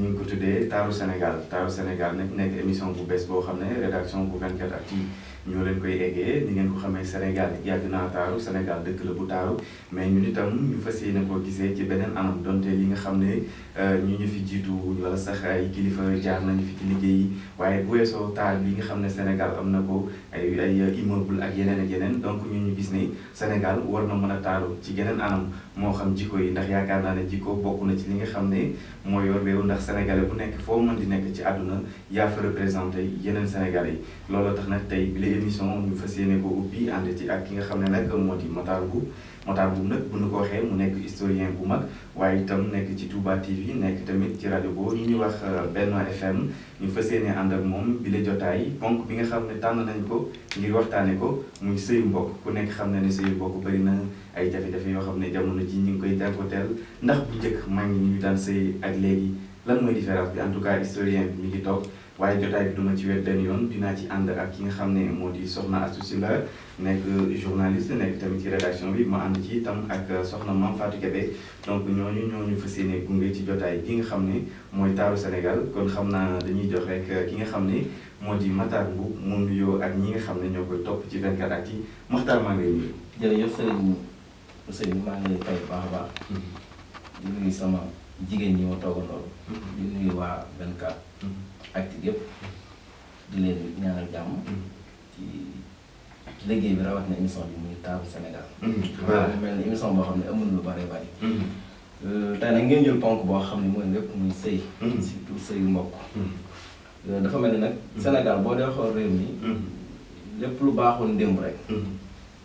ñu ngi ko tuddee taaru Sénégal taaru Sénégal nag nekk émission bu bees boo xam ne rédaction bu 24 actu ñoo leen koy eggee ni ngeen ko xamee Sénégal yàgg naa taaru Sénégal dëkk la bu taaru mais ñun itam ñu fas yéene ko gisee ci beneen anam donte li nga xam ne euh, ñu ñu fi jiitu wala sax ay kilifa jaar nañu fi ci liggéey waaye bu weesoo taar bi nga xam ne Sénégal am na ko ay ay immeuble ak yeneen ak yeneen donc ñu ñu gis ne Sénégal war na mën ci geneen anam. moo xam jikko yi ndax yaakaar naa ne jikko bokk na ci li nga xam ne moo yor réew ndax sénégalais bu nekk foo mën di nekk ci àdduna yaa fa représenté yeneen sénégalais yi looloo tax nag tey bi la émission ñu fas yéene ko ubbi ànd ci ak ki nga xam ne nag moo di Matar Bou moo tax bu nag bu ñu ko waxee mu nekk historien bu mag waaye itam nekk ci Touba TV nekk tamit ci rajo boobu ñu ñuy wax euh, Benno FM ñu fa yéene ànd moom bi la jotaay ponk bi nga xam ne tànn nañ ko ngir waxtaane ko muy sëyu mbokk ku nekk xam na ne sëyu mbokk bëri na ay jafe-jafe yoo xam ne jamono ji ñu ngi koy jànkoteel ndax bu njëkk maa ngi ñu daan sëy ak léegi lan mooy différence bi en tout cas historien bi mi ngi toog waaye jotaay bi duma ci wet benn yoon dinaa ci ànd ak ki nga xam ne moo di soxna Astou Sylla nekk journaliste nekk tamit ci rédaction bi ma ànd ci itam ak soxna Mame Fatou Kébé donc ñooñu ñooñu fas yéene gunge ci jotaay bi nga xam ne mooy taaru Sénégal kon xam naa dañuy jox rek ki nga xam ne moo di Matar Mboup mu nuyoo ak ñi nga xam ne ñoo koy topp ci 24 actu yi Matar maa ngi lay nuyu. jërëjëf sëriñ sëriñ maa ngi lay fay bu baax a mhm. ma toogandoo. Mhm. di nuyu waa 24. active yëpp di leen ñaanal jàmm ci ci liggéey bi rawat na émission bi muy taabu Sénégal mm-hmm. waaw mel na émission boo xam ne amul lu bare bari mm-hmm. euh, tey nag ngeen jël ponk boo xam ne mooy lépp muy sëy mm-hmm. surtout sëyu mbokk euh, dafa mel ni nag Sénégal boo dee xool réew mi lépp lu baaxoon démb rek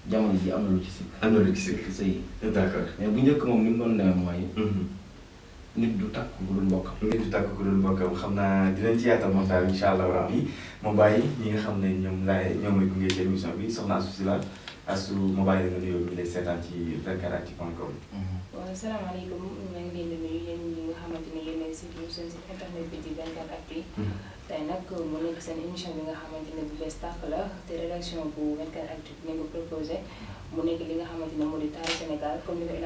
jamono ji am na lu ci sikk am na lu ci sikk sëy d'accord bu njëkk moom ni mu nit du takk ku dul mbokkam. nit du takk ku dul mbokkam xam naa dinañ ci yaatal waxtaan incha allah rabbi ma bàyyi ñi nga xam ne ñoom laay ñoom mooy gunge ci émission bi soxna Asou Sylla Asou ma bàyyi la nga nuyoo ñu lay seetaan ci 24actu point com. waaw salaamaaleykum maa ngi leen di si biir seen site internet bi di 24actu. tey nag mu nekk seen émission bi nga xamante ne bu bees tàq te rédaction bu 24actu bi nga nekk li nga xamante ne moo di taaru Sénégal comme li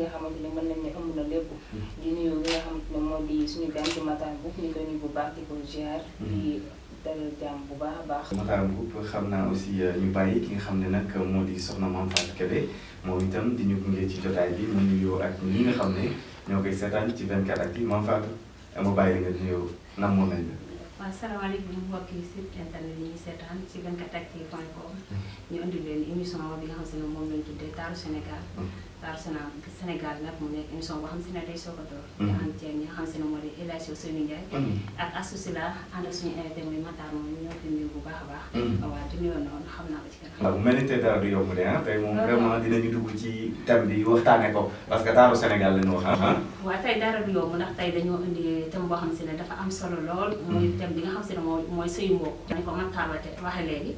nga xamante ne mën nañ ne ëmb na lépp. Mm-hmm. di nuyu li nga xamante ne moo di suñu gan di Matar Mboup ñu koy nuyu bu baax di ko ziar. Mm-hmm. di dalal jàmm bu baax a baax. Matar Mboup xam naa aussi euh, ñu bàyyi ki nga xam ne nag moo di soxna Mame Fatou Kébé moom itam di ñu gunge ci jotaay bi mu nuyoo ak ñi nga xam ne. ñoo koy seetaan ci 24 ak yi maam Fatou ma bàyyi nga nuyoo nam moom nañ la. waaw salaamaaleykum mbokk yi si internet yi ñuy seetaan ci 24actu point com mm. ñu indi leen émission bi nga xam si ne moom lañ tuddee taaru Arsenal a mm-hmm. mm-hmm. moom dinañu dugg ci thème bi waxtaanee ko parce que taaru Sénégal la wax ah. waaw tey dara du yomb ndax tey dañoo indi thème boo si ne dafa am solo lool. Mm-hmm. muy thème bi xam si ne mooy mooy sëyu mbokk. dañ ko Matar waxee léegi.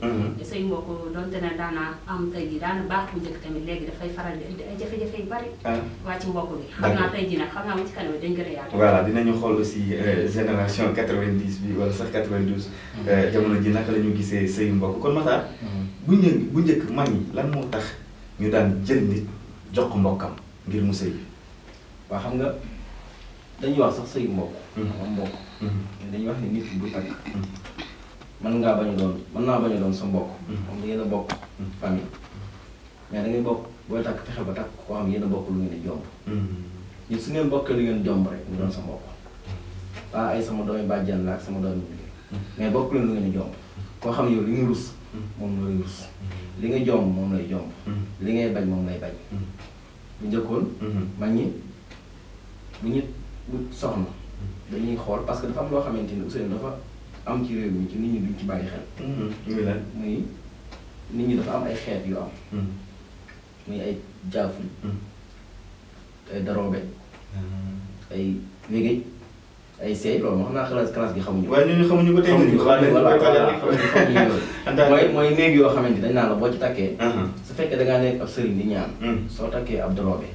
sëyu mbokk donte ne daana am tey daana baax bu njëkk tamit léegi dafay faral di ay jafe jafe-jafe yu bari. Ah. waa ci mbokk bi xam naa tey jii nag xam naa mu ci kanam dañ gën a yaatu. voilà dinañu xool aussi euh, génération 90 bi wala sax 92. Mhm. Euh, jamono ji naka la ñu gisee sëyu mbok kon Matar. Mhm. bu njëkk bu lan moo tax ñu daan jël nit jox ko mbokkam ngir mu sëy. waaw xam nga dañuy wax sax sëyu mbokk. moom mbokk. Mhm. dañuy wax ne nit bu tàkk. mën ngaa bañ a doon mën naa bañ a doon sa mbok moom da ngeen a bokk famille mais da ngay bokk. booy takk fexe ba takk koo xam yéen a bokk lu ngeen di jomb. ñun mm-hmm. su ngeen bokkee lu ngeen jomb rek mu doon sa mbokk. waa ay sama doomi bàjjan la ak sama doomi bi mm-hmm. mais bokk leen lu ngeen jomb koo xam yow yi nga rus. Mm-hmm. moom lay rus. li nga jomb moom lay jomb. li ngay bañ moom lay bañ. bu njëkkoon. mag ñi bu ñu bu soxna. dañuy xool parce que dafa am loo xamante ni Ousseynou dafa am ci réew mi ci ni ñi duñ ci bàyyi xel. muy nit ñi dafa am ay xeet yu am. muy ay jaafu ay darobe ay wégéej ay seey loolu xam naa xalaas classe gi xamuñu. waaye ñooñu xamuñu ba tey xamuñu mooy mooy néeg yoo xamante dañ naan la boo ci takkee. su fekkee da ngaa nekk ab sëriñ di ñaan. Hmm. soo takkee ab doroobe.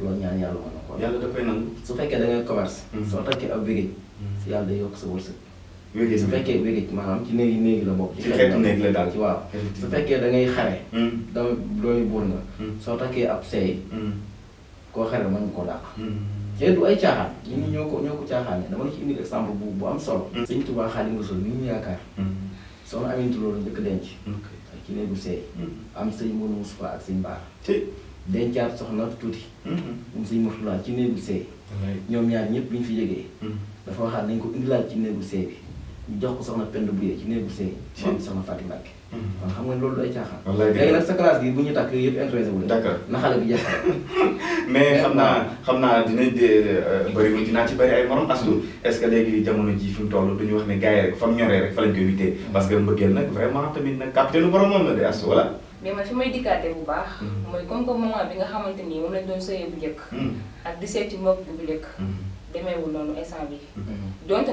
loolu ñaan yàlla mën na ko. yàlla da koy nangu. su fekkee da ngay commerce. Hmm. soo takkee ab wégéej. Hmm. yàlla day yokk sa wërsëg. wégeej su mm. fekkee wégeej maanaam ci néegi néegi la bokk. ci xeetu waaw. su fekkee da ngay xare. Mm. dama dooni buur nga. Mm. soo takkee ab seey. koo xare mën nga koo dàq. te du ay caaxaan nit ñoo ko ñoo ko caaxaane dama la ci indi exemple bu bu am solo. sëñ Tuubaa Xaadimu Rasuul ni ñu yaakaar. soxna Aminatu loolu njëkk denc. ak ci néegu seey. am sëñ Mourou Moustapha ak sëñ Baar. dencaat soxna tuuti. Mm-hmm. moom sëñ Mourtala ci néegu seey. ñoom ñaar ñëpp bi ñu fi jógee. dafa waxaat nañ ko indilaat ci néegu seey bi ñu jox ko soxna Penda Bouye ci néegu sëy moom soxna Fatou Mbacke mm-hmm. kon nga loolu du ay caaxaan léegi nag sa classe bi bu ñu tàkk yooyu na xale bi jeex mais xam naa xam naa dina euh, bëriwul dinaa ci bëri ay morom astu est ce que léegi jamono ji fi mu toll duñu wax ne rek fa ñoree rek fa lañ koy witee mm-hmm. parce que mbëggeel nag vraiment tamit nag capitaine lu borom moom de astu voilà mais man fi may dikkaate bu baax mm-hmm. mooy comme que moment bi nga xamante nii moom lañ doon sëyee bu njëkk ak di seeti mbokk bu njëkk demeewul noonu instant bi donte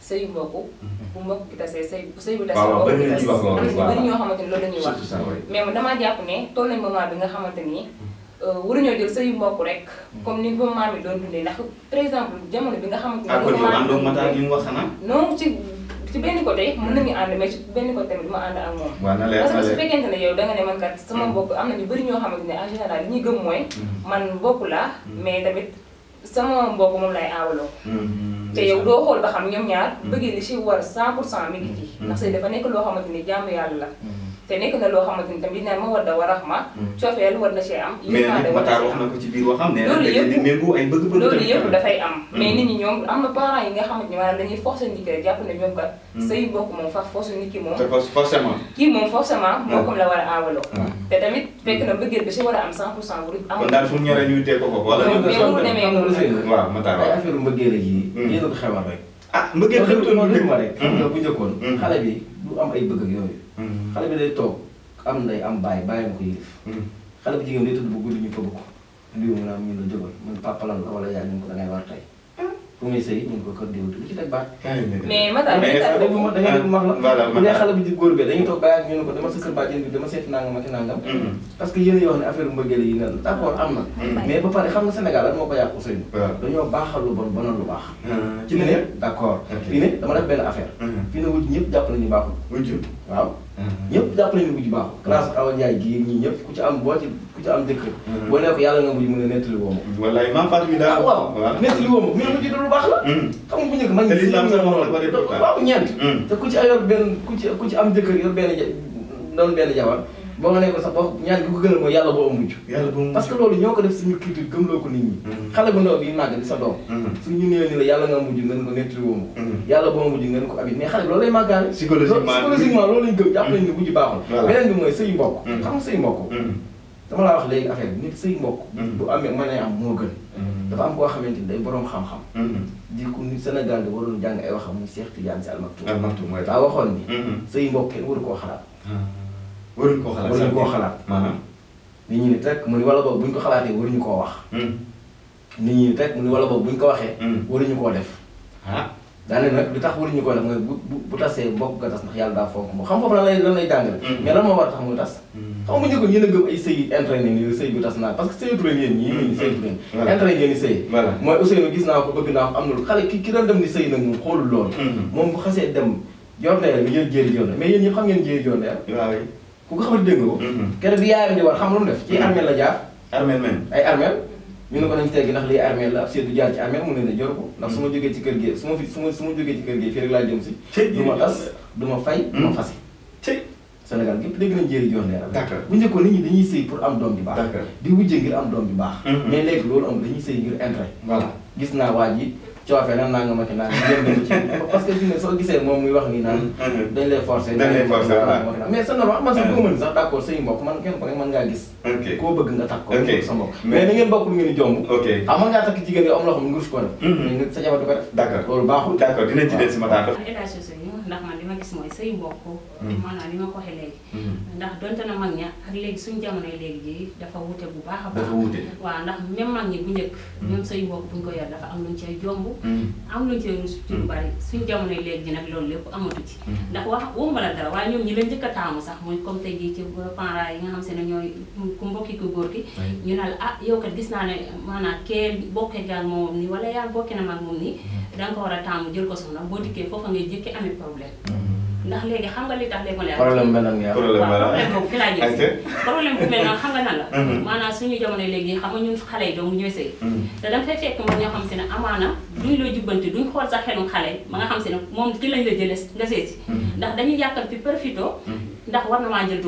sëyu mbokk mhm. bu mbokk gi tasee sëy bu sëy bu tasee mbokk gi tas am bëri ñoo xamante ni loolu ñuy wax mais man damaa jàpp ne toll nañ moment bi nga xamante ni mhm. euh, waruñoo jël sëyu mbokk rek mhm. comme ni ko maam yi doon dundee ndax exemple jamono bi nga xamante ni ah, non ci ci benn côté na nañu ànd mais ci benn côté tamit duma ànd ak moom parce ma su fekkente ne yow da nga ne man kat sama mbokk am na ñu bëri ñoo xamante ne en général li ñuy gëm mooy man bokk la mais tamit sama mbokk moom lay aawaloo. Mm-hmm. te yow doo xool ba xam ñoom ñaar. Mm-hmm. bëggee li ci war 100 pour cent mi ngi ci. Mm-hmm. ndax sëy dafa nekk loo xamante ni jàmm yàlla la. te nekk na loo xamante ni tamit naan ma war da war raxma coofeel war na cee am limaade war na wax na ko ci biir waxam ne loolu yëpp méngoo ay bëgg-bëgg loolu yëpp dafay am mm. mais nit ñi ñoom am na parents yi nga xamante ni maanaam dañuy forcer nit ki rek jàpp ne ñoom kat mm. say bokk moom fa force nit ki moom forcément kii moom forcément mm. moo comme la war a awalo te tamit fekk na bëggeel bi si war a am cent pour cent bu am kon daal fu mu ñoree ñuy teg ko ko wala demee noonu waaw Matar waaw affaire mbëggeel yi yéen a ko xewal rek ah mbëggeel xewal rek ma rek xam nga bu njëkkoon xale bi du am ay bëgg ak yooyu Mm-hmm. xale bi day toog am nday am bàyyi bàyyi ma ko yilif mm-hmm. xale bu jigéen day tëdd bu guddi ñu fëgg ko ndiw mu naan ñu la jógal mun papa lan la wala yaay ñu ko ngay war tey ah. fu muy sëy ñu ngi ko kër diw lu ci teg baat mais matal ma da ngay max la bu ah, ne xale bu ji góor bi dañuy toog bàyyi ak ñu ne ko dama sa kër bàjjen bi dama seeti nangam ak mm-hmm. yi nel d' accord am na mais ba pare xam nga Sénégal lan moo ko yàqu sëñ dañoo baaxal lu bon bonal lu baax ah, ci ne d' accord fii ne dama def benn affaire fii ne wut ñëpp jàpp waaw ñëpp mhm. jàppale ñu mujj baaxul. Mhm. classe Awa Ndiaye gii ñii ñëpp ku ci am boo ci ku ci am dëkk. Mhm. boo nee ko yàlla nga mujj mën a nettali woo ma. wallaay maam Fatou mi daal ah, waaw nettali woo ma mais mujj du lu baax la. xam nga bu njëkk man. te li am waaw ñeent. te ku a yor benn ku ci ku ci am dëkk yor benn ja doon boo nga ne ko sax ba ñaan a ko gënal mooy yàlla boo am mujj yàlla boo am mujj parce que loolu ñoo ko def suñu culture gëmloo ko nit ñi mm-hmm. xale bu ndaw bi màgg di sa doom mm-hmm. suñu néew ni la yàlla nga mujj ngeen ko nettali woon ko mm-hmm. yàlla boo am mujj ngeen ko abit mais xale bi loolu lay màggaale psychologiquement loolu lañ gëm jàpp nañ ni mujj baaxul beneen bi mooy sëy mbokk xam nga sëy mbokk dama laa wax léegi affaire bi nit sëy mbokk bu amee mën a am moo gën dafa am koo xamante ni day boroom xam-xam di ko ni Sénégal da waroon jàng ay waxam muy Cheikh Tidiane Sy Al Maktoum Al Maktoum daa waxoon ni sëy mbokk koo xalaat ah. waruñu koo xalaat waruñu koo xalaat maanaam. nit ñi ni teg mu ni wala boog buñ ko xalaatee waruñu koo wax. Hmm. ni ñi ni teg mu ni wala boog buñ ko waxee. Hmm. waruñu koo def. ah daanaka nag li tax waruñu koo def mooy bu bu bu tasee mbokk nga tas ndax yàlla daa fonk mu xam foofu lay lan lay jàngale. Hmm. mais war a tax muy tas. xam nga ñu ko yéen a gëm ay sëy yi entraîné nii sëy bu tas naa parce que sëyatu leen yéen ñii nii sëyatu leen. voilà entraîné ngeen di sëy. voilà mooy Ousseynou gis naa ko bëgg naa ko am na lu xale ki ki doon dem di dem yor na yàlla yéen jéeri joon xam ngeen jéeri joon ku nga xamante dégg nga ko. Mm-hmm. keroog bi yaayam di war xam lu mu def. ci armeel la jaar. armeel men ay armeel. ñu ne ko nañ teggi ndax lii armeel la ab seetu jaar ci armeel mu ne ne jor ko ndax su ma jógee ci kër gi su ma fi su ma su ma jógee ci kër gi fii rek laa jëm si. du ma tas du ma fay du ma mm-hmm. fasi. tey Sénégal gépp dégg nañ jéeri joor leeral. d'accord bu njëkkoon nit ñi dañuy sëy pour am doom bi ba d'accord di wujje ngir am doom bi baax. Mm-hmm. mais léegi loolu am dañuy sëy ngir intérêt. voilà gis naa waa coofe nan naa nga ma ki naan yéen ci parce que fi ne soo gisee moom muy wax nii naan mm-hmm. dañ lay forcer dañ lay forcer waaw mais c'est normal man sax koo mm-hmm. mën sax d'accord say mbokk man kenn ko rek mën ngaa gis koo bëgg nga takk ko sa mbokk mais na ngeen bokk lu ngeen di jomb ah mën ngaa takk jigéen yow am loo xam ne ngir ko def mm-hmm. mais sa jabar du ko def d'accord loolu baaxul d'accord dinañ ci des si ma ndax man li ma gis mooy sëy mbokk mm. maanaam li ma ko waxee mm. ndax donte na mag ña ak léegi suñu jamono léegi dafa wute bu baax a baax waaw ndax même mag ñi bu njëkk ñoom mm. sëy mbokk bu ko yor dafa am luñ cay jomb am luñ ci lu bari suñu jamono léegi ji nag loolu lépp amatu ci ndax wax wumba la dara waaye ñoom ñi la a taamu sax mooy comme tey jii ci parents yi nga xam se ne ku mbokki ku góor gi ñu naan ah yow kat gis naa ne maanaam kee bokkee ak moom ni wala yaa bokkee na mag moom ni danga ko war a taamu jël ko soxna boo dikkee foofa ngay jëkki amee problème mhm. ndax léegi xam nga li tax léegi ma leeral problème mel nga problème boobu fi laa la mhm. léegi xam nga ñun xale yi doomu ñooy sëy mhm. te danga fay fekk moom ñoo xam si ne amaana duñ xool sa xelum xale ma nga xam si ne moom ki lañ la jële dañuy yàkkal fi profito ndax war na maa jël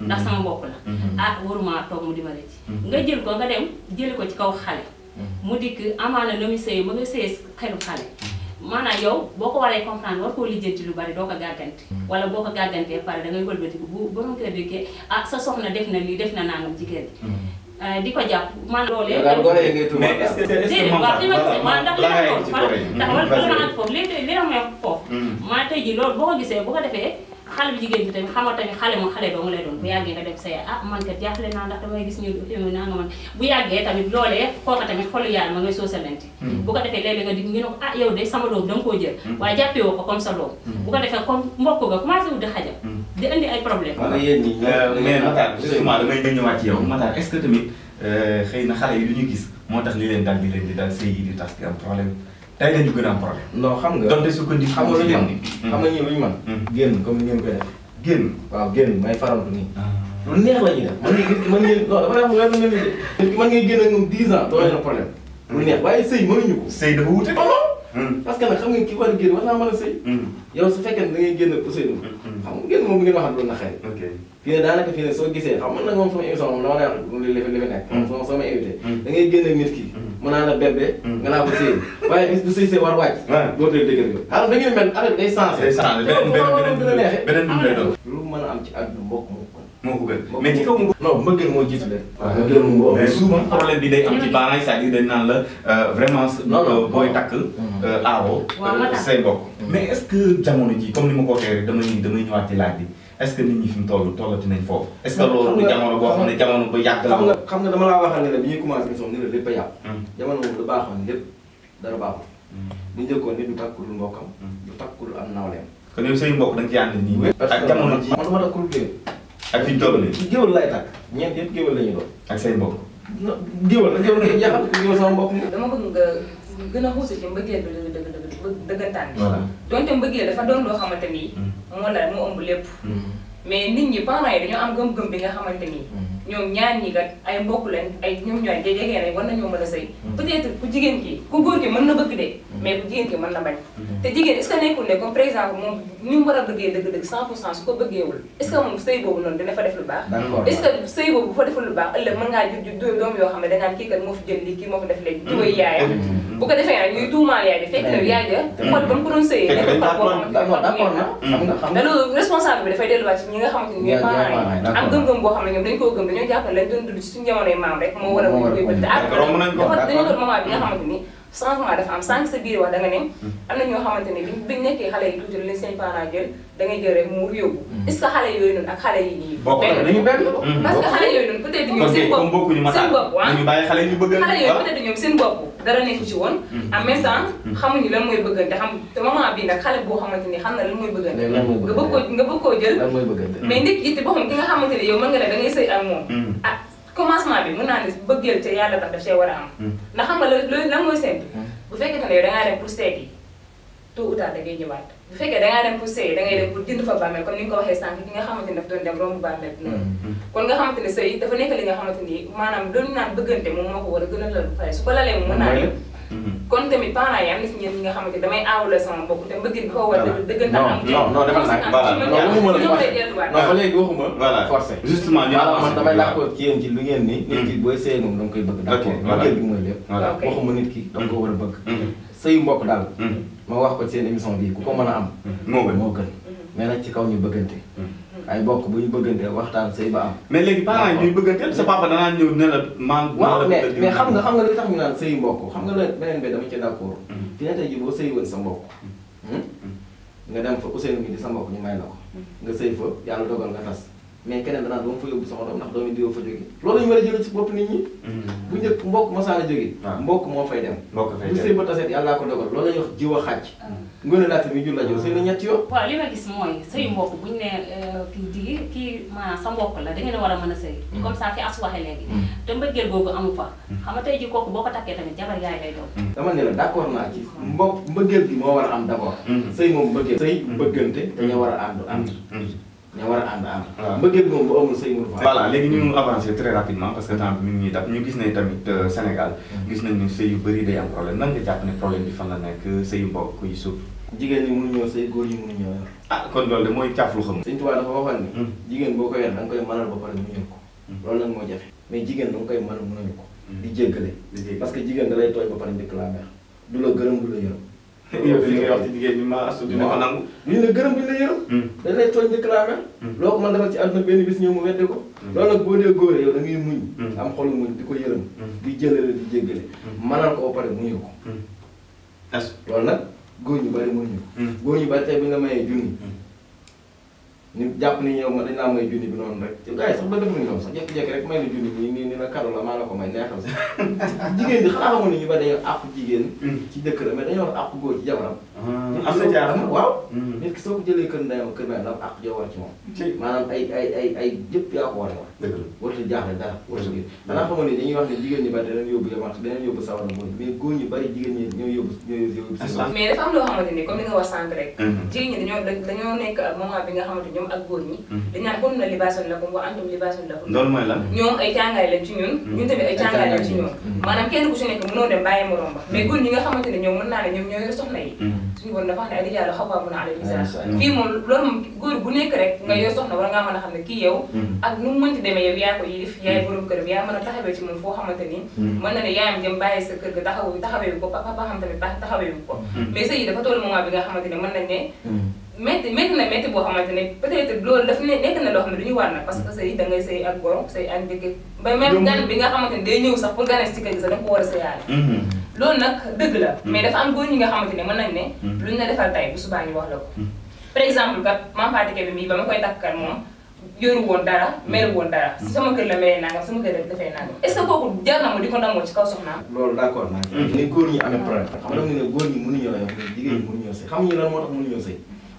ndax sama bopp la ah waruma toog mu di ma rëcc nga jël ko nga dem jëli ko ci kaw xale Mm-hmm. mu dikk amaana na muy sëyee ma nga sëyee xelu xale mm-hmm. maanaam yow boo ko waree comprendre war koo lijjanti lu bari doo ko gàggante mm-hmm. wala boo ko gàggantee pare da ngay wëlbati bu borom kër dikkee ah sa soxna def na lii def na nangam ci kër eh, di ko jàpp man loolee. daal góor yi ngay tuumal daal mais est-ce que ndax li ma foofu léegi li ma foofu. maa tey ji loolu boo ko gisee boo ko defee. xale bu jigéen bi tamit xamal tamit xale moom xale ba mu lay doon bu yàggee nga dem sa yaay ah man kat jaaxle naa ndax damay gis ñu fi mu naa nga man bu yàggee tamit loolee kooka tamit xolu yaay ma ngay soosalante hmm. bu ko defee léeg-léeg nga dig ngeen ko ah yow de sama doom da nga koo jël hmm. waaye jàppee woo ko comme sa doom hmm. bu ko defee comme mbokk nga commencé wut di xajal di ay problème wala yéen ñi euh, mais Matar justement damay ñëw ñëwaat ci i Matar est-ce que tamit euh, xëy na xale yi du ñu gis moo tax li leen dal di leen di dal sëy yi tey la ñu gën a am problème. non xam nga donte sukkandiku. xam nga lu ñu mën mm-hmm. xam nga ñii lu ñu mën. Mm-hmm. génn comme ni ngeen koy def génn. waaw génn may farantu nii. Ah. lu neex la ñuy def mën ngeen gis mën ngeen non dafa neex lu ngeen di mën ngeen génn ak ñoom 10 ans doo leen problème. lu neex waaye sëy mënuñu ko. sëy dafa wute. Oh, mm. parce que nag xam nga ki war a génn war naa mën a sëy. Mm. yow su fekkee ne da ngay génn Ousseynou. Mm, xam nga génn moom ngeen waxaat loolu na xëy. ok fii ne daanaka fii ne soo gisee xam nga nag moom sama émission moom dama lay wax li fi nekk. sama sama invité da ngay génn nit ki mën naa la bébé. Hmm. nga naa ko séy waaye bis bu séy séy war wàcc. boo tëjee dëgg nga. xam nga da ngeen mel arrêté day sensé. day sensé beneen beneen beneen beneen dund lay doon. lu mën a am ci àdduna mbokk moo ko gën. moo ko gën mais ci kaw mu. non mbëggeel moo jiitu leen. waaw ah, mbëggeel moo ko mais souvent problème bi day am ci parents yi c'est-à-dire dañ naan la euh, vraiment. non non booy takk. Hmm. Euh, aawoo. Euh, say mbokk. Hmm. mais est-ce que jamono ji comme ni ma ko waxee rek damay damay ñëwaat ci laaj bi est-ce que nit ñi fi mu toll tollati nañ foofu. est-ce que loolu du jamono boo xam ne jamono ba yàgg la. xam nga xam nga dama laa waxal ne la bi ñuy commencé émission bi ni la lépp a yàqu. Hmm. jamono moom lu baaxoon lépp dara baaxul. bu hmm. njëkkoon ni du takkul mbokkam. Hmm. du takkul am nawleem. kon yow say mbokk da nga ci ànd nii. ak jamono ji man ma takkul géwél. ak fi ñu toll nii. géwél laay takk ñeent yëpp géwél la ñu doon. ak say mbokk. géwél la géwél la jeexal géwél sama mbokk. dama bëgg nga gën a xuus ci mbëggeel bi dëgg dëggantaan bi donte mbëggee dafa doon loo xamante ni mm. moo la mu ëmb lépp mm. mais nit ñi parents yi dañoo am gëm-gëm bi nga xamante ni mm. ñoom ñaar ñi kat ay mbokk lañ ay ñoom ñooy jege nañ war nañoo mën a sëy mm. ku jigéen ki ku góor ki mën na bëgg de mm. mais ku jigéen ki mën na bañ mm. te jigéen est que nekkul ne comme par exemple moom ni mu war a bëggee dëgg-dëgg 100 ko bëggeewul est-ce que moom sëy boobu noonu dina fa def lu baax est que sëy boobu bu fa deful lu baax ëllëg mën ngaa jur jur doom yoo xam ne dangaan kii kat moo fi jël kii moo ko def léegi duway yaayam bu ko defee nag ñuy tuumaal yaay ja fekk na dañoo jàpp ne lañ doon dund ci suñu jamonoy maam rek moo war a muñ koy bëgg te ak dañoo doon moment bi nga xamante ni sa biir wax da nga ne am na ñoo xamante ne biñ nekkee xale yi tuuti leen seen parents jël da ngay jël mu muur yóbbu mm. est-ce que xale yooyu noonu ak xale yi nii benn mm. parce que xale yooyu noonu peut-être ah. ñoom seen bopp seen bopp waaw xale yooyu peut-être ñoom dara nekku ci woon. Mm-hmm. en même temps. Mm-hmm. xamuñu lan mooy bëggante xam te moment bii nag xale boo xamante ni xam na lan mooy bëggante. nga bëgg koo nga bëgg koo jël. lan mooy bëggante mais ndekki yitte boo xam nga xamante ne yow mën nga ne da ngay sëy ak moom. Mm-hmm. ah commencement bi mën naa ne bëggeel ca yàlla tax daf see war a am. na xam nga loolu lan mooy séntu. bu fekkee ne yow da ngaa dem pour seet yi tôt ou tard ngay ñëwaat bu fekkee dangaa dem pour sëy dangay dem pour jënd fa bàmmeel comme ni nga ko waxee sànq ki nga xamante ni daf doon dem romb bàmmeel noonu mm-hmm. kon nga xamante ne sëy dafa nekk li nga xamante ni maanaam doon naan bëggante moom moo ko war a gën a lal pare su ko lalee mu naan mm-hmm. kon tamit parents yi am na si ñenn ñi nga xamante damay aawula sama bopp te mbëggin bi ko war a dëggantaan am non non defal nag voilà non waxuma la non ba léegi waxuma voilà forcé justement ñu man damay d'accord ci yéen ci lu ngeen ni nit mm-hmm. ki booy sëy moom danga koy bëgg d'accord bëggeel bi mooy lépp waxuma nit ki danga ko war a bëgg sëy mbokk daal ma wax ko seen émission bii ku ko mën a am. Mm-hmm. moo gën moo gën mm-hmm. mais nag ci kaw ñu bëggante. Mm-hmm. ay bokk bu ñu bëggante waxtaan sëy ba am. mais léegi parents ñuy bëggante sa papa danaa ñëw ne la maa. waaw mais mais xam nga xam nga li tax ñu naan sëy mbokk xam nga la beneen bi dama ci d'accord. fi ne tey jii boo sëy woon sa mbokk. Hmm? nga dem fa Ousseynou ngi di sa mbokk ñu may la ko. nga sëy fa yàlla dogal nga tas. mais keneen danaan ba mu fa yóbbu sa xorom ndax doomi diw fa jógee loolu ñu war a jëlee ci bopp nit ñi mm-hmm. bu njëkk mbokk mosaana jógee mbokk moo fay dem bu sëy ba taseet yàllaa ko dogal loolu la ñuy wax jiw a xàcc mm. ngën a laata mi jur li ma gis mooy sëyu mbokk buñu ne euh, kii digi kii maanaam sa mbokk la da ngeen a war a mën a sa mm. comme ça fi as waxee léegi mm. te mbëggeel googu amu fa xam nga tey ji kooku boo ko takkee tamit jabar yaay lay doon dama ne la d'accord gi moo war a am d'abord sëy moom mbëggeel sëy mbëggante dañoo war a ànd ànd nga war a ànd ànd. waaw mbëggeel moom bu amul sëy mu voilà léegi ñu avancer très rapidement parce que temps bi mi ngi ñuy dab ñu gis ne tamit euh, Sénégal. Mm-hmm. gis nañ ne sëy yu bëri day am problème nan nga jàpp ne problème bi fan la nekk sëyu mbokk yi suuf. jigéen ñi mënuñoo sëy góor ñi ah, kon loolu de mooy caaf lu xam. Sëñ Tuubaa dafa waxoon ni. Mm. jigéen boo ko yor da nga koy mënal ba pare mënuñu ko. Mm. loolu nag moo jafe mais jigéen da nga koy mënal mënuñu ko. Mm. di jéggale. parce que jigéen da lay tooñ ba pare njëkk laa neex la gërëm du yow li hmm. ngay wax ci jigéen ñi maa astu dina ko nangu. ñu la gërëm ñu la yërëm. dañ lay tooñ njëkk laa mel. loo ko mën defal ci àdduna benn bis ñëw mu wedde ko. Hmm. loolu nag boo dee góore yow da ngay muñ. Hmm. di ko yërëm. di jëlale di jéggale. mënal ko ba pare muñu ko. loolu nag góor ñu bari muñu ko. góor ñu bari tey bu ñu ñu jàpp ni yow dañ laa may junni bi noonu rek ci sax ba def nañu noonu sax rek may la junni bi nii na kado la maa la ko may neexal sax jigéen bi xanaa xamoon ni ñu ba dañoo jigéen mm. ci dëkk la mais dañoo àqu góor ci jabaram am na jaar waaw. Mm-hmm. nit ki soo ko jëlee kër ndeyam kër ndeyam la am àq joo war ci moom. maanaam ay ay ay ay jëpp yaa ko a wax. dëgg la waratu jaaxle ne jigéen ñi bari danañ yóbbu yamaat danañ yóbbu sawar mooy mais góor ñi bari jigéen ñi ñoo yóbbu loo xamante ni comme nga wax sànq rek. Mm-hmm. jigéen ñi dañoo dañoo nekk moment nga xamante ñoom ak góor ñi. Mm-hmm. dañ naan kon na libaasoon la ko wa antum libaasoon la ko. loolu mooy lan. ñoom ay càngaay lañ ci ñun. ñun tamit ay càngaay lañ ci ñoom. maanaam kenn ku ci nekk mënoo dem bàyyi morom ñi nga xamante ne ñoom mën naa ne ñoo yor soxna suñu borom dafa xam ne ay rijaal xawwaamuuna ala nisaa fii moom loolu moom góor bu nekk rek nga yor soxna war ngaa mën a xam ne kii yow hmm. ak nu mu mënti demee yow yaa ko yilif hmm. yaay borom këram yaa mën a taxawee ci moom foo xamante ni hmm. mën na ne yaayam jëm bàyyi sa kër ga taxawu taxawee ko papa xam tamit taxawee ko mais sëy yi dafa toll moment bi nga xamante ne mën nañ ne métti métti na métti boo xamante ne peut-être loolu daf ne nekk na loo xam ne du ñu war na parce que sëy da ngay sëy ak borom sëy ak njëkk ba même gan bi nga xamante ne day ñëw sax pour ganes ci kër gi sax da nga ko war a sëyaale loolu nag dëgg la. Hmm. mais dafa am góor ñi nga xamante ne mën nañ ne. Hmm. luñ la defal tey bu subaa ñu wax la ko. Hmm. par exemple kat maam Fatou Kébé mii ba ma koy takkal moom yoru woon dara meru woon dara. si sama kër la meree nangam sama kër la defee nangam est ce que kooku jar na di ko ndamoo ci kaw soxnaam. loolu d' accord naa ci. ni góor ñi amee problème xam nga ne góor ñi mënuñoo yore jigéen ñi mënuñoo sëy xamuñu lan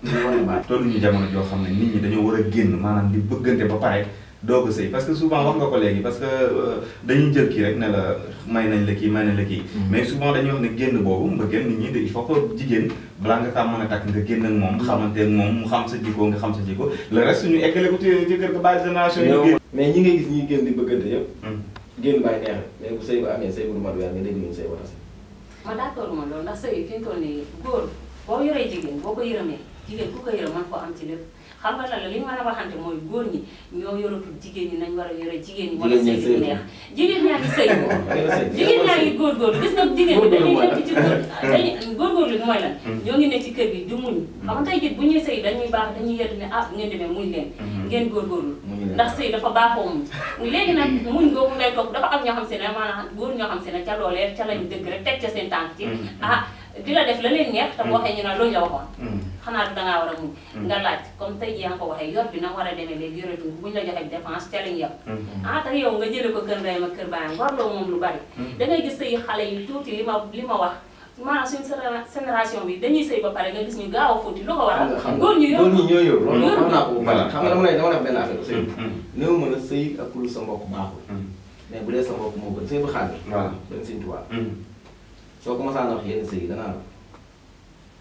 jamono joo xam ne nit ñi dañoo war a génn maanaam di bëggante ba pare doo ko sëy parce que souvent wax nga ko léegi parce que euh, dañuy jël kii rek ne la may nañ la kii may nañ la kii. Mm-hmm. mais souvent dañuy wax ne génn boobu nga génn nit ñi il faut que jigéen balaa nga kaa mën a takk nga génn ak moom mm-hmm. xamante ak moom mu xam sa jikko nga xam sa jikko le reste ñu eggale ko ci jëkkër ga bàyyi génération yi génn. mais ñi ngay gis ñuy génn di bëggante yëpp. Mm-hmm. génn bàyyi neex mais ba amee sëy bu du mat weer ma d'accord ma loolu ndax sëy fi ñu toll nii góor boo yoree jigéen boo ko yërëmee ko am ci lépp xam nga lan la li ñu mën a waxante mooy góor ñi ñoo yoratul jigéen ñi nañ war a yore jigéen ñi wala sëy bi neex jigéen ñaa ngi sëy jigéen ñaa ngi góorgóorlu gis nga jigéen ñi dañuy nekk ci góor hmm. dañuy góorgóorlu mooy lan hmm. ñoo ngi ne ci kër gi du muñ hmm. xam nga tey jii bu ñuy sëy dañuy baax dañuy yedd ne ah ngeen demee muñ leen ngeen góorgóorlu ndax sëy dafa baaxoo muñ léegi nag muñ googu ngay toog dafa am ñoo xam se ne maanaam góor ñoo xam se ne ca loolee ca lañ dëkk rek teg ca seen tànk ci ah di la def la leen neex. te boo mm. waxee ñu naan loolu la waxoon. Mm. xanaa du dangaa war a muñ. Mm. nga laaj comme tey jii nga yor bi na war a demee léegi yoretu buñ la joxee dépense ca lañ yem. ah tax yow nga jëlee ko kër ndeyam ak kër baayam warloo moom lu bari. da ngay gis say xale yu tuuti li ma li ma wax. maanaam suñu génération bi dañuy sëy ba pare nga gis ñu gaaw a fóoti lu ko waral. góor ñu yor góor ñu loolu xam naa ko balaa xam nga dama ne dama def a sëy ak lu sa mbokk baaxul mais bu dee sa mbokk soo ko mosaan wax yenn sëy yi danaa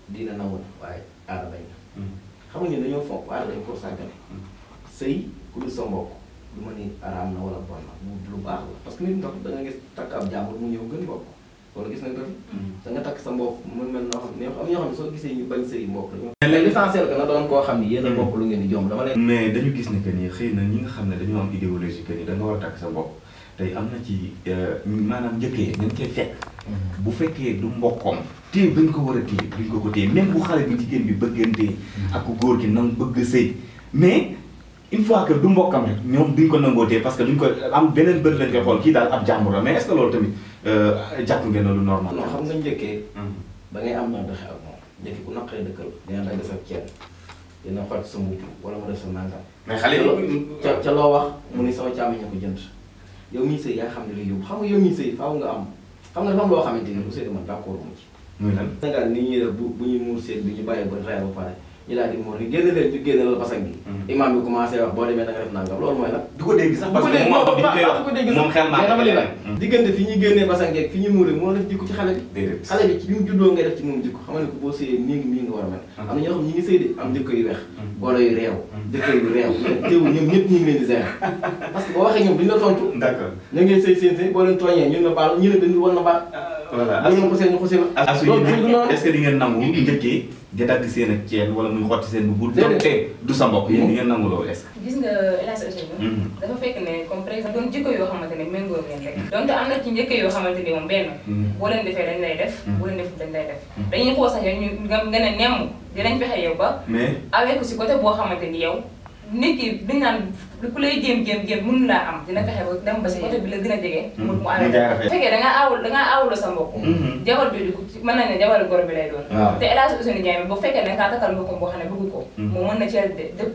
diina na waaye aada bañ na. Mm. xam ni dañoo fonk aada dañ koo sàggane. Mm. sëy ku dul sa mbokk du ma ni araam na wala bon na bu baax la parce que nit ñi da nga gis mu ñëw gën mbokk wala gis nañ ko fi. Mm. da nga sa mbokk mu mel noo xam ne am ñoo xam ne soo gisee ñu bañ sëy mbokk la. mais l'essentiel que na doon koo xam ni yéen a mbokk lu ngeen di jom dama leen. dañu gis ne que ni xëy na ñi nga xam ne dañoo am idéologie que ni da nga sa mbokk tey am na ci euh, maanaam njëkkee nañ koy fekk. Mm-hmm. bu fekkee du mbokkoom téye bañ ko war a téye duñ ko ko téye même bu xale bi jigéen bi bëggante mm-hmm. ak góor gi nan bëgg sëy mais une fois que du mbokkam rek ñoom duñ ko nangoo téye parce que duñ ko am beneen bët lañ koy xool kii daal ab jàmbur la mais est-ce que loolu tamit euh, jàpp ngeen lu normal. non xam nga njëkkee. Mm-hmm. ba ngay am naa doxee ak moom njëkk ku naqaree dëkkal dina la def ak ceeb dina xool sa mujj wala mu sa nangam. mais xale yi yow miy sëy yaa xam ne luy yóbbu xam nga yow miy nga am xam nga dafa am loo xamante ne lu sëy man d'accord mu ci. muy lan. Sénégal ni ñuy def bu bu ñuy muur seen bi ñu bàyyi ba rey ba pare ñu daal di moom ñu génn leen ñu génn la basang bi mhm. imam bi commencé wax boo demee da nga def nangam loolu mooy la du ko dégg sax parce que ko dégg moom xel naa dama li nag diggante fi ñuy génnee basang yeeg fi ñuy muuree moo def jikko ci xale bi xale bi ci bi mu juddoo ngay def ci moom jikko xamal ne ko boo séyee nii nii nga war a mel mhm. am na ñoo xam ñi ngi sëy de am jëkko yu weex wala mhm. yu réew jëkko yu réew teewul ñoom ñëpp ñu ngi leen di géré parce que boo waxee ñoom duñu la tontu d'accord ñu ngi sëy seen sëy boo leen tooñee ñun la baal ñu ne dañu war na baal voilà ñu ko seen ñu ko seen est-ce que di ngeen nangu njëkkee di dagg seen ak ceen wala mu xotti seen bu gudd. déedéet du sa mbokk yéen di ngeen nangu loolu est ce que. gis nga El mhm. dafa fekk ne comme par exemple doon jikko yoo xamante ne méngoo ngeen rek. donte am na ci njëkk yoo xamante ne moom benn. Mhm. boo leen defee dañ lay def. Mhm. boo leen defut dañ lay def. dañuy xool sax yow ñu nga nga ne nemm dinañ fexe yow ba. mais awee ko si côté boo xamante ni yow. nit ki bi naan ku lay jéem jéem jéem mënu laa am dina fexe ba dem ba si côté mm-hmm. bi la gën a jege. Mm-hmm. mu mu àll bi fekkee da ngaa aawul da ngaa aawuloo sa mbokk. Mm-hmm. jabar bi mën nañ ne lay doon. te El Hadj Ousseynou Ndiaye bu fekkee da ngaa takkal mbokkam boo xam ne bëgg ko. moom mën na cee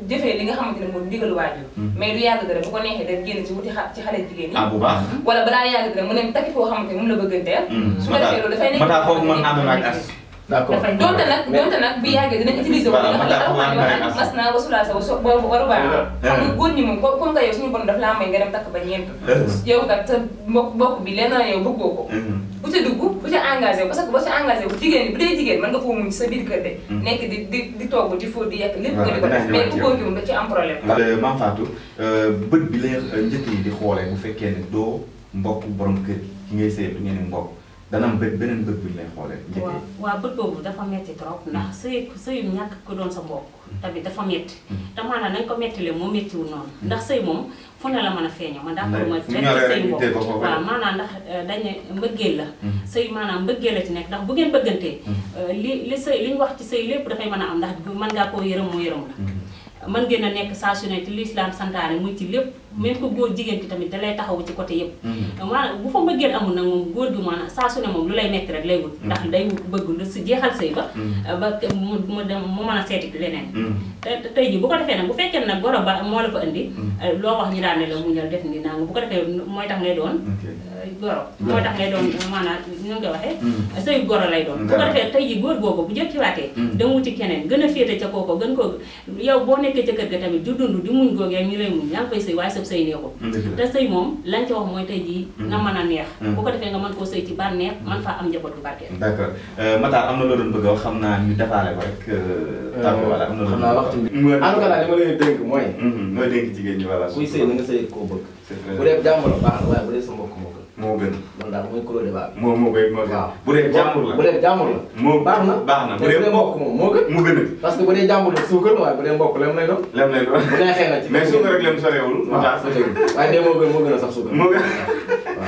jëfee li nga xamante ne moom ndigal waajur. mais du yàgg dara bu ko neexee daf génn ci wuti xa ci xale jigéen ñi. ah bu baax wala balaa yàgg dara mu ne takki koo xamante ne moom la bëgganteel. su ko defee loolu dafay nekk d' accord dafay donte nag donte nag bu yàggee dinañ utiliser. ma daa ma daa sa wasu waru baax. xam nga góor ñi moom comme que yow suñu borom daf laa may nga dem ba ñeent. yow kat sa mbokk mbokk bi lenn yow bëggoo ko. Mm-hmm. bu ca dugg bu ca engagé parce que boo ca engagé bu jigéen ñi bu dee jigéen sa biir kër mm-hmm. nekk di di di togg di fóot di yekk lépp di ko def mais bu góor gi moom da ci am problème. ndax euh, Mame Fatou euh, bët bi leen njëkk yi di xoolee bu fekkee ne doo mbokk dana am beneen bët bu ñu lay xoolee. njëkkee waaw waaw bët boobu dafa metti trop hmm. ndax sëy sëyu ñàkk ko doon sa mbokk. Hmm. tamit dafa metti hmm. te maanaam nañ ko mettilee moo méttiwul noonu ndax sëy moom fu ne la mën a feeñoo man d'accord ma sëy mbokk waaw maanaam ndax euh, dañ mbëggeel la sëy maanaam mbëggeel la ci nekk ndax bu ngeen bëggantee euh, li li sëy li ñu wax ci sëy lépp dafay mën a am ndax man ngaa koo yërëm mu yërëm la man ngeen a nekk saa su ne ci lislaam santaane muy ci lépp même que góor jigéen ki tamit dalay taxawu ci côté yëpp maanaam mm-hmm. bu fa mbëggeel amul nag moom góor gi maanaam saa su ne moom lu lay metti rek lay wut mm-hmm. ndax day wut bëgg lu si jeexal sëy ba mm-hmm. ba mu mu dem mu mën a seeti leneen te tey ji bu ko defee nag bu fekkee nag goro ba moo la fa indi loo wax ñu daan ne la muñal def nii naa bu ko defee mooy tax ngay doon goro moo tax lay doon maanaam nu nga koy waxee mm. sëy goro lay doon bu ko defee tey jii góor bu jot ci waatee mm. dama wuti keneen gën a féete ca kooko gën ko yow boo nekkee ca kër ga tamit ju dund di muñ goog yaa ñu lay muñ yaa ngi koy sëy waaye sab sëy neexul mm, te sëy moom lañ ca wax mooy tey jii na mën a neex bu ko defee nga mën koo sëy ci bànneex man faa am njaboot bu barkeel d'accord euh, Matar am na loo bëgg a wax ko euh, am na euh, xam naa waxtu bi en tout cas daal mm-hmm. na nga sëy koo moo gën. loolu daal mooy gros débat bi. moo moo koy moo gën. bu dee jàmbur la bu dee jàmbur la. moo baax na baax na bu dee mbokk moom moo gën. mu gën a. parce que bu dee jàmbur la suukar la waaye bu dee mbokk lem lay doon. lem lay doon bu neexee na ci. mais suukar ak lem sorewul. waaw waaye dee moo gën moo gën a sax suukar. moo gën.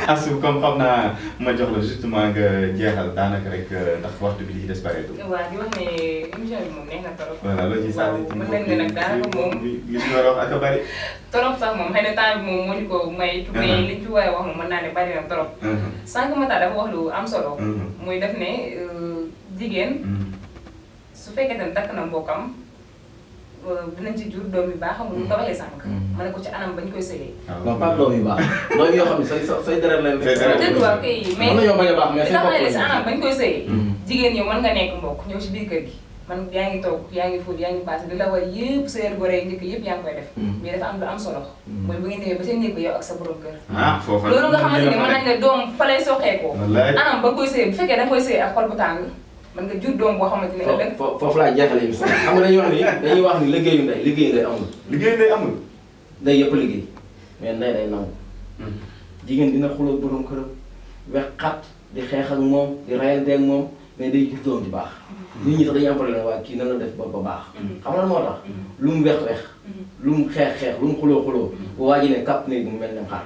asu comme xam naa ma jox la justement nga jeexal daanaka rek euh, ndax waxtu bi li ci des di wax ne émission bi moom neex na trop. voilà loo ciy sànni ci mbokku yi nga wax ak a bëri. trop sax moom xëy na temps bi moom moo ñu uh-huh. wax moom mën naa ne bëri na trop. Uh-huh. sànq Matar dafa wax lu am solo. Uh-huh. muy def ne euh, jigéen. su fekkee tamit takk na Euh, dinañ ci jur doom yu baax mu ko mm. waxee sànq. Mm. ma ne ko ci anam ba koy sëyee. waaw ah, pas doom yu baax doom yoo xam ne say say deret leen. say deret leen waaw kay mais mën nañoo bañ mm. nga nekk mbokk ñëw si biir kër gi. man yaa ngi toog yaa ngi fóot yaa ngi paase di la war yëpp sa yër ngi koy def. mais dafa am lu am solo. mooy sa borom kër. ah foofa loolu nga xamante ne mën nañ ne doom fa lay soqeekoo. anam ba koy sëyee bu fekkee da koy sëyee ak xol bu man nga jur doom boo xamante ne ëllëg. foofu foofu laa jeexalee émission xam nga dañuy wax ni dañuy wax ni liggéeyu ndey liggéeyu ndey amul. liggéeyu ndey amul. day yëpp liggéey mais na day nangu. Hmm. jigéen dina xuloo borom këram wexxat di xeex ak moom di rayante ak moom mais di jur di baax. Hmm. ni ñi sax dañuy am problème waaye kii nan def ba ba baax. Hmm. xam nga moo tax lu mu wex wex. lu mu xeex xeex lu mu xuloo xuloo. bu waa ji ne kàpp néeg mu mel ne xaar.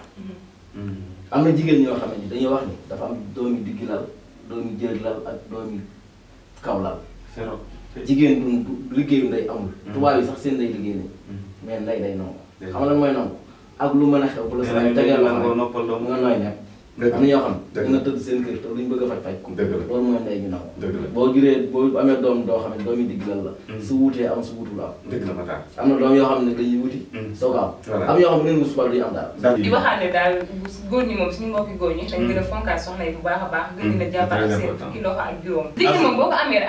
am na jigéen ñoo xam ne dañuy wax ni dafa am doomi digg lal doomi ak doomi kaw lal jigéen du liggéeyu ndey amul mm-hmm. tubaab yi sax seen ndey liggéey nañ mm-hmm. mais ndey day no xam lan mooy nangu ak lu mën a xew bu la sa tegee nga nooy nekk am na xam dina tëdd seen kër te luñ bëgg a faj faj ko loolu mooy boo juree amee doom doo xam la mm. su su wutul am am yoo xam ne dañuy wuti mm. soo di a mm. fonkaat soxna a baax a jàppal seen nga nga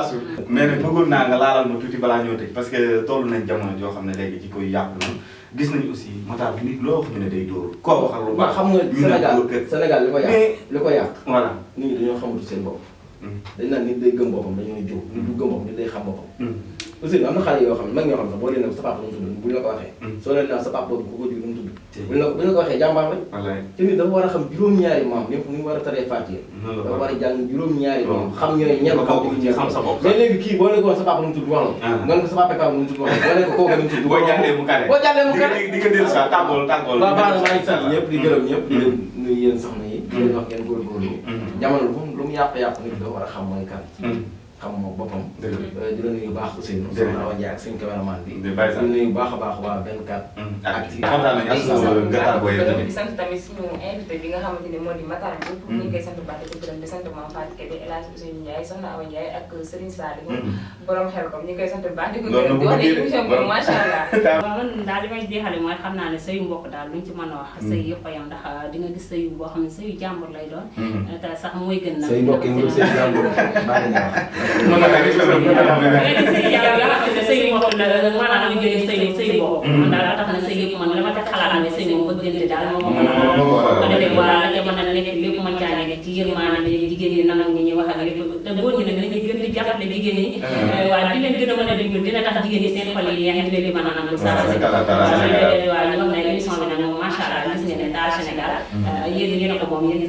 xam naa nga laalal ma tuuti balaa parce que toll nañ jamono joo xam ne léegi ci koy yàqu gis nañu aussi Matar bi nit loo wax ñu ne day dóor. koo waxal lu baax xam nga Sénégal Sénégal li ko yàq li ko yàq. voilà nit ñi dañoo xamatu seen bopp. Hmm. dañ naan nit day gëm boppam dañoo jóg nit du gëm boppam nit day xam boppam. Hmm. aussi am na xale yoo xam ne mag ñoo xam ne boo leen ne sa papa lu mu tudd buñ la ko waxee mm. soo leen naan sa papa boobu ku ko jur lu mu tudd buñ la buñ la ko waxee jàmbaar rek te nit dafa war a xam juróom-ñaari maam ñëpp mu war a taree fàttee dafa war a jàng juróom-ñaari maam xam ñooy ñan xam sa bopp mais léegi kii boo leen ko sa papa lu mu tudd wax la ah. nga ne ko sa papa lu mu tudd wax la boo leen ko kooku lu mu tudd boo jàllee mu kare boo jàllee mu kare di nga dellu sa tàggool tàggool waaw baax na maa ngi sant ñëpp di mm. gërëm ñëpp di leen mm. nuyu yéen soxna yi di leen wax ngeen góorgóorlu jamono lu mu yàq-yàq nit dafa war a xam mooy kan xam moom boppam. dëgg la euh, di la nuyu baax Ousseynou. dëgg la Awa Ndiaye ak seen cameraman bi. di bàyyi sax di nuyu a baax waa 24. Mm-hmm. ak ci kontaan nañu ak gàttal booy yëpp di sant tamit suñu invité ne moo mm-hmm. di ko gërëm di wane mm-hmm. émission bi macha allah. waaw man daal li may jeexale mooy xam naa ne sëyu mbokk daal luñ ci a a euh, euh, gën na. sëy mbokk mën a xëy si sama mën a xam ne rek. léegi sëy yàlla nga xam ne sëy bopp la maanaam ñu jëlee sëy sëy bopp. man daal tax na sëy yëpp man dama ca xalaat ne sëy moom bëggante daal moo ko mën a. moo ko waral ko defee voilà jamono nekk lépp mën caa nekk ci yërmaane bi jigéen ñi nanam ñi ñuy wax ak lépp te góor ñi nag dañuy gën di jàppale jigéen ñi. waaw di leen gën a mën a déglu dina tax jigéen ñi seen xol yi yeex di leen mën a nanam. waaw c'est ça waaw ñu wax ne émission bi nag macha allah gis ngeen ne daal Sénégal yéen yéen a ko moom yéen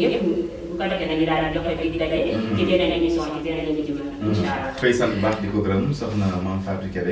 yéen yëpp bu ko defee nañu di joxe bi daje. fay sant baax di ko gërëm soxna Mame Fatou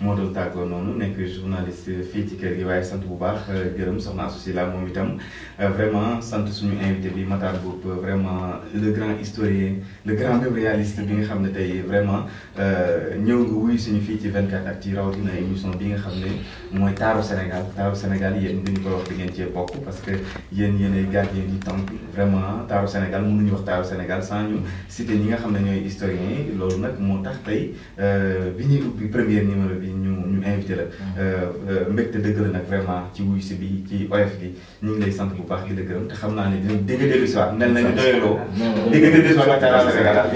moo doon tàggoo noonu nekk journaliste fii ci kër gi waaye sant bu baax gërëm soxna Asou la moom itam vraiment sant suñu invité bi Matar Boub vraiment le grand historien le grand web réaliste bi nga xam ne tey vraiment ñëw nga wuyu suñu fii ci 24actu rawatina émission bi nga xam ne mooy taaru Sénégal taaru Sénégal yéen dañu ko wax di ngeen cee bokk parce que yéen yéenay gardien du temps vraiment Sénégal mënuñu waxtaanu Sénégal sans ñu citer ñi nga xam ne ñooy historiens loolu nag moo tax tey euh, bi ñuy ubbi première numéro bi ñu ñu invité la. Mm. Euh, euh, mbégte dëgg la nag vraiment ci wuy si bi ci oyof bi ñu ngi lay sant bu baax la gërëm xam naa ne dinañ dégg dellu si waat mel na ñu doyaloo. dégg dellu si waat waxtaanu Sénégal.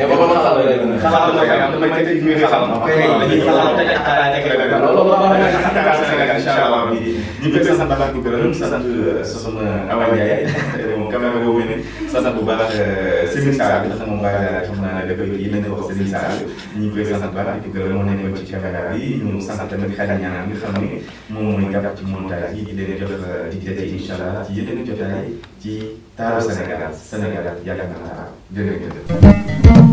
xalaat xalaat moom ¿eh? eh, eh, a boobu ne sant bu baax Serigne Sall bi ndax moom baax xam naa ne dafay yi lañ wax Serigne Sall ñu ngi koy sant baax di gërëm moo nekk ci caméra bi ñu sant tamit xale ñaanaan nga xam ne moom mooy gàpp ci montage yi di leen jox di jotee incha allah ci yeneen jotaay ci taaru Sénégal Sénégal yàgg na taaru jërëjëf